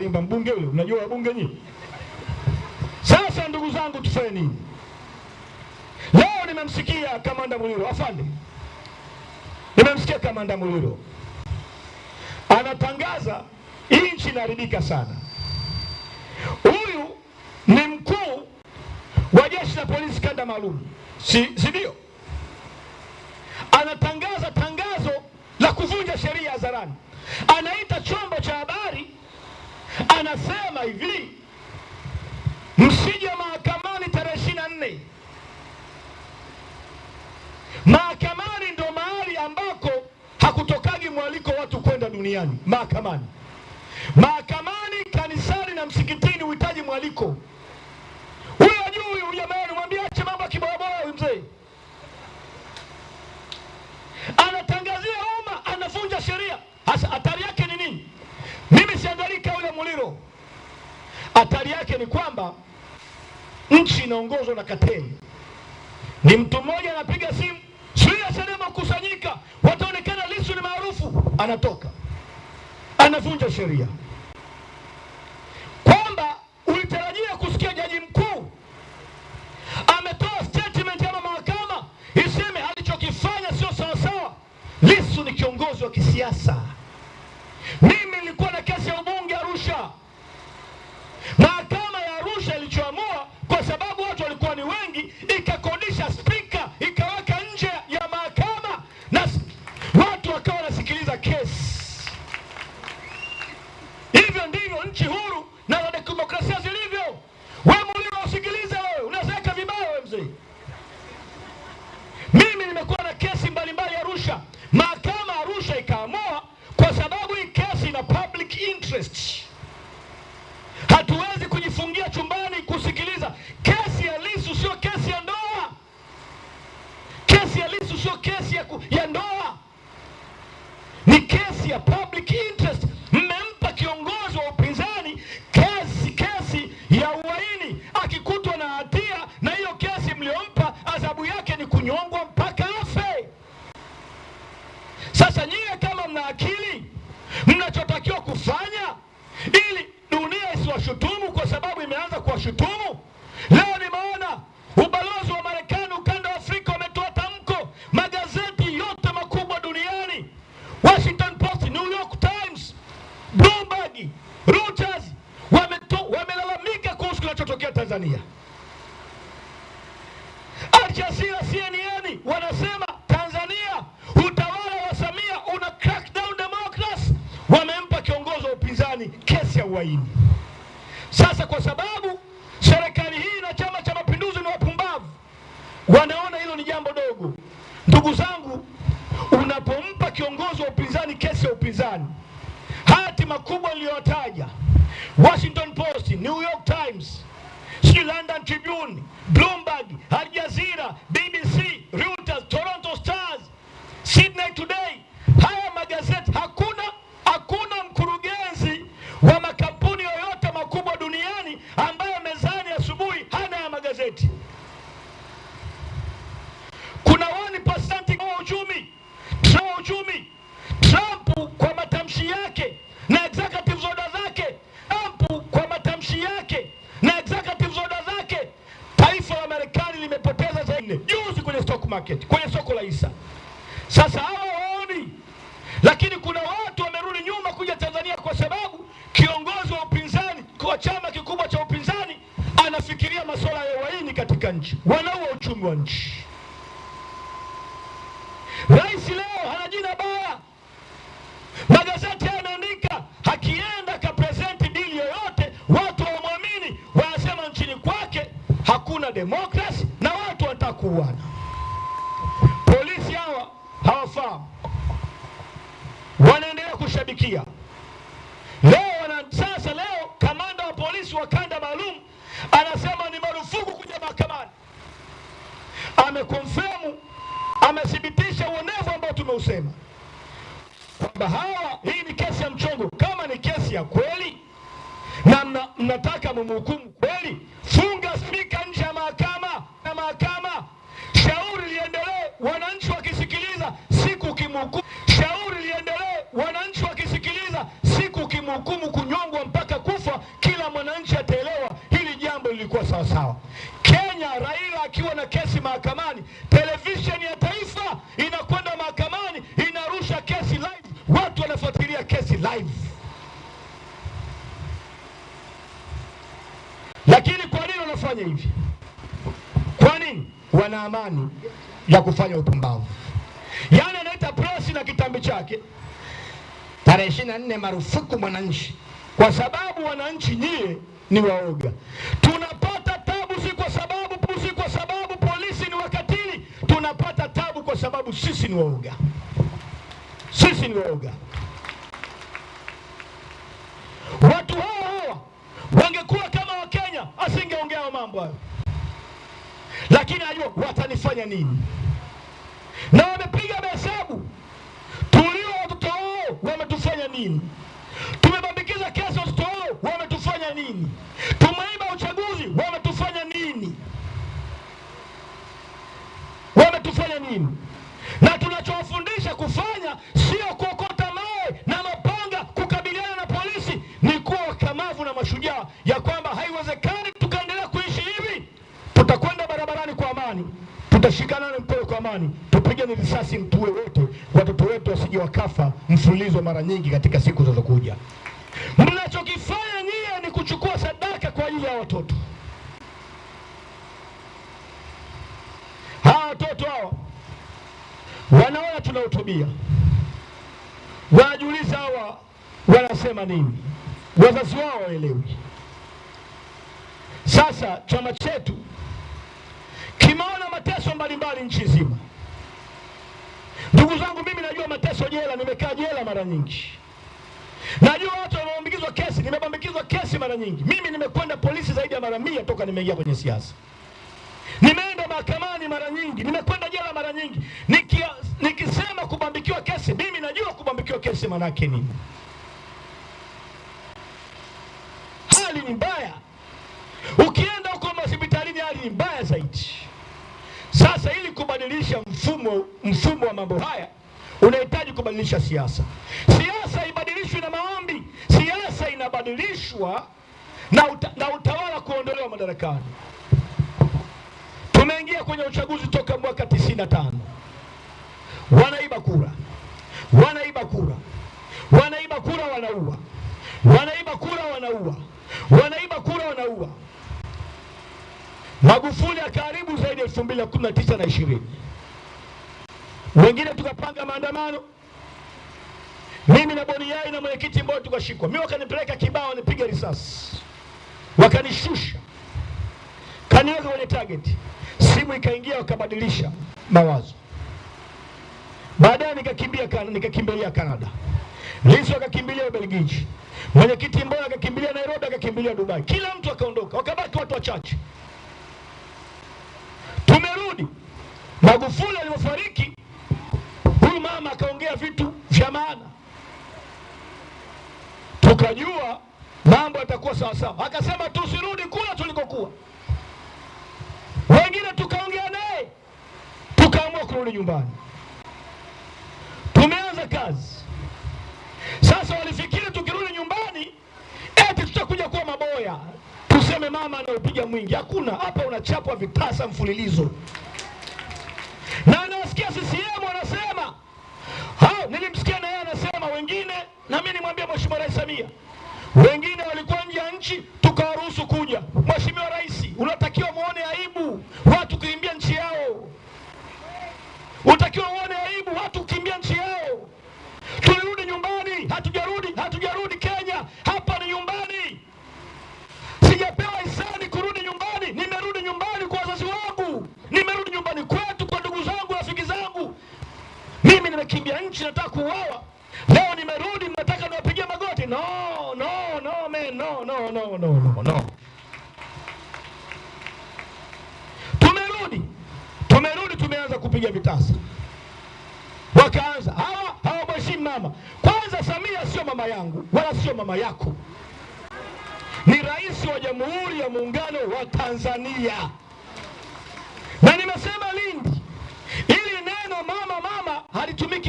Imba mbunge yule, unajua wabunge nyinyi. Sasa ndugu zangu, tufanye nini? Leo nimemsikia kamanda Muliro, afande, nimemsikia kamanda Muliro anatangaza nchi inaharibika sana. Huyu ni mkuu wa jeshi la polisi kanda maalum, si ndio? Anatangaza tangazo la kuvunja sheria hadharani, anaita chombo cha habari anasema hivi, msije mahakamani tarehe ishirini na nne. Mahakamani ndo mahali ambako hakutokaji mwaliko watu kwenda duniani. Mahakamani, mahakamani, kanisani na msikitini uhitaji mwaliko. Huyo ajui, huyo jamaa nimwambia ache mambo ya kiboyaboya huyu mzee. nchi inaongozwa na kateni. Ni mtu mmoja anapiga simu, zuia Chadema kusanyika wataonekana Lissu ni maarufu, anatoka anavunja sheria. Kwamba ulitarajia kusikia jaji mkuu ametoa statement ama mahakama iseme alichokifanya sio sawasawa. Lissu ni kiongozi wa kisiasa. ya public interest, mmempa kiongozi wa upinzani kesi, kesi ya uhaini. Akikutwa na hatia na hiyo kesi mliompa, adhabu yake ni kunyongwa mpaka afe. Sasa nyie kama mna akili, mnachotakiwa kufanya kinachotokea Tanzania. Aljazira, CNN wanasema Tanzania utawala wa Samia una crack down democracy, wamempa kiongozi wa upinzani kesi ya uhaini. Sasa kwa sababu serikali hii na Chama cha Mapinduzi ni wapumbavu, wanaona hilo ni jambo dogo. Ndugu zangu, unapompa kiongozi wa upinzani kesi ya upinzani, hati makubwa niliyotaja Washington Post New York Times, sijui London Tribune, Bloomberg, Al Jazeera, BBC, Reuters, Toronto Stars, Sydney Today. Haya magazeti hakuna hakuna mkurugenzi wa makampuni yoyote makubwa duniani ambaye mezani asubuhi hana ya magazeti. Kuna wani pasanti wa uchumi, wa uchumi. Trump kwa matamshi yake na market kwenye soko la Isa. Sasa hao waoni, lakini kuna watu wamerudi nyuma kuja Tanzania kwa sababu kiongozi wa upinzani kwa chama kikubwa cha upinzani anafikiria masuala ya uhaini katika nchi, wanaua uchumi wa nchi. Rais leo hana jina baya, magazeti yanaandika, akienda akapresenti dili yoyote watu hawamwamini, wanasema nchini kwake hakuna demokrasi na watu wanataka kuuana. kushabikia leo wana sasa. Leo kamanda wa polisi wa kanda maalum anasema ni marufuku kuja mahakamani. Amekonfirmu, amethibitisha uonevu ambao tumeusema kwamba hawa, hii ni kesi ya mchongo. Kama ni kesi ya kweli na mna, mnataka mumhukumu kweli, funga spika nje ya mahakama na mahakama, shauri liendelee, wananchi wakisikiliza siku kimhukumu, shauri liendelee, wananchi hawa. Kenya, Raila akiwa na kesi mahakamani, televisheni ya taifa inakwenda mahakamani, inarusha kesi live, watu wanafuatilia kesi live. Lakini kwa nini wanafanya hivi? Kwa nini? Wana amani ya kufanya upumbavu, yaani anaita press na kitambi chake tarehe ishirini na nne marufuku mwananchi, kwa sababu wananchi nyie ni waoga. Tuna kwa sababu pusi, kwa sababu polisi ni wakatili, tunapata tabu kwa sababu sisi ni waoga, sisi ni waoga. Watu hao hawa wangekuwa kama Wakenya asingeongea mambo hayo, lakini ajua watanifanya nini, na wamepiga mahesabu tulio watoto wao wametufanya nini. nini, na tunachowafundisha kufanya sio kuokota mawe na mapanga kukabiliana na polisi, ni kuwa kamavu na mashujaa, ya kwamba haiwezekani tukaendelea kuishi hivi. Tutakwenda barabarani kwa amani, tutashikanana mkono kwa amani, tupigane risasi, mtuwe wote, watoto wetu wasije wakafa mfululizo mara nyingi katika siku zinazokuja. Mnachokifanya nyie ni kuchukua sadaka kwa ajili ya watoto hawa, watoto hawa wanaona tunahutubia, wanajiuliza hawa wanasema nini, wazazi wao waelewi. Sasa chama chetu kimeona mateso mbalimbali nchi nzima. Ndugu zangu, mimi najua mateso jela, nimekaa jela mara nyingi, najua watu wamebambikizwa kesi, nimebambikizwa kesi mara nyingi. Mimi nimekwenda polisi zaidi ya mara mia toka nimeingia kwenye siasa, nimeenda mahakamani mara nyingi, nimekwenda jela mara nyingi Ni Nikisema kubambikiwa kesi, mimi najua kubambikiwa kesi manake nini. Hali ni mbaya, ukienda huko hospitalini hali ni mbaya zaidi. Sasa ili kubadilisha mfumo mfumo wa mambo haya unahitaji kubadilisha siasa. Siasa ibadilishwe na maombi, siasa inabadilishwa na, uta, na utawala kuondolewa madarakani. Tumeingia kwenye uchaguzi toka mwaka 95 wanaiba kura, wanaiba kura, wanaiba kura, wanaua, wanaiba kura, wanaua, wanaiba kura, wanaua. Magufuli akaharibu zaidi ya elfu mbili na kumi na tisa na ishirini. Wengine tukapanga maandamano, mimi na Yai na mwenyekiti Mbowe tukashikwa. Mimi wakanipeleka Kibao, wanipiga risasi, wakanishusha, kaniweka kwenye target, simu ikaingia, wakabadilisha mawazo. Baadaye nikakimbia nikakimbilia Kanada, Lissu akakimbilia Ubelgiji, mwenyekiti Mbowe akakimbilia Nairobi, akakimbilia Dubai, kila mtu akaondoka, wakabaki watu wachache. Tumerudi, Magufuli alivyofariki huyu mama akaongea vitu vya maana, tukajua mambo yatakuwa sawasawa. Akasema tusirudi kula tulikokuwa, wengine tukaongea naye, tukaamua kurudi nyumbani tuanze kazi sasa. Walifikiri tukirudi nyumbani eti tutakuja kuwa maboya, tuseme mama anaupiga mwingi. Hakuna, hapa unachapwa vitasa mfululizo na anawasikia CCM anasema ha, Nilimsikia na yeye anasema wengine, na mimi nimwambia Mheshimiwa Rais Samia, wengine walikuwa nje ya nchi tukawaruhusu kuja. Mheshimiwa Rais, unatakiwa muone aibu watu kuimbia nchi yao, utakiwa uone tumeanza kupiga vitasa, wakaanza hawa hawamheshimu mama. Kwanza, Samia sio mama yangu wala sio mama yako, ni rais wa Jamhuri ya Muungano wa Tanzania. Na nimesema Lindi, ili neno mama mama halitumiki.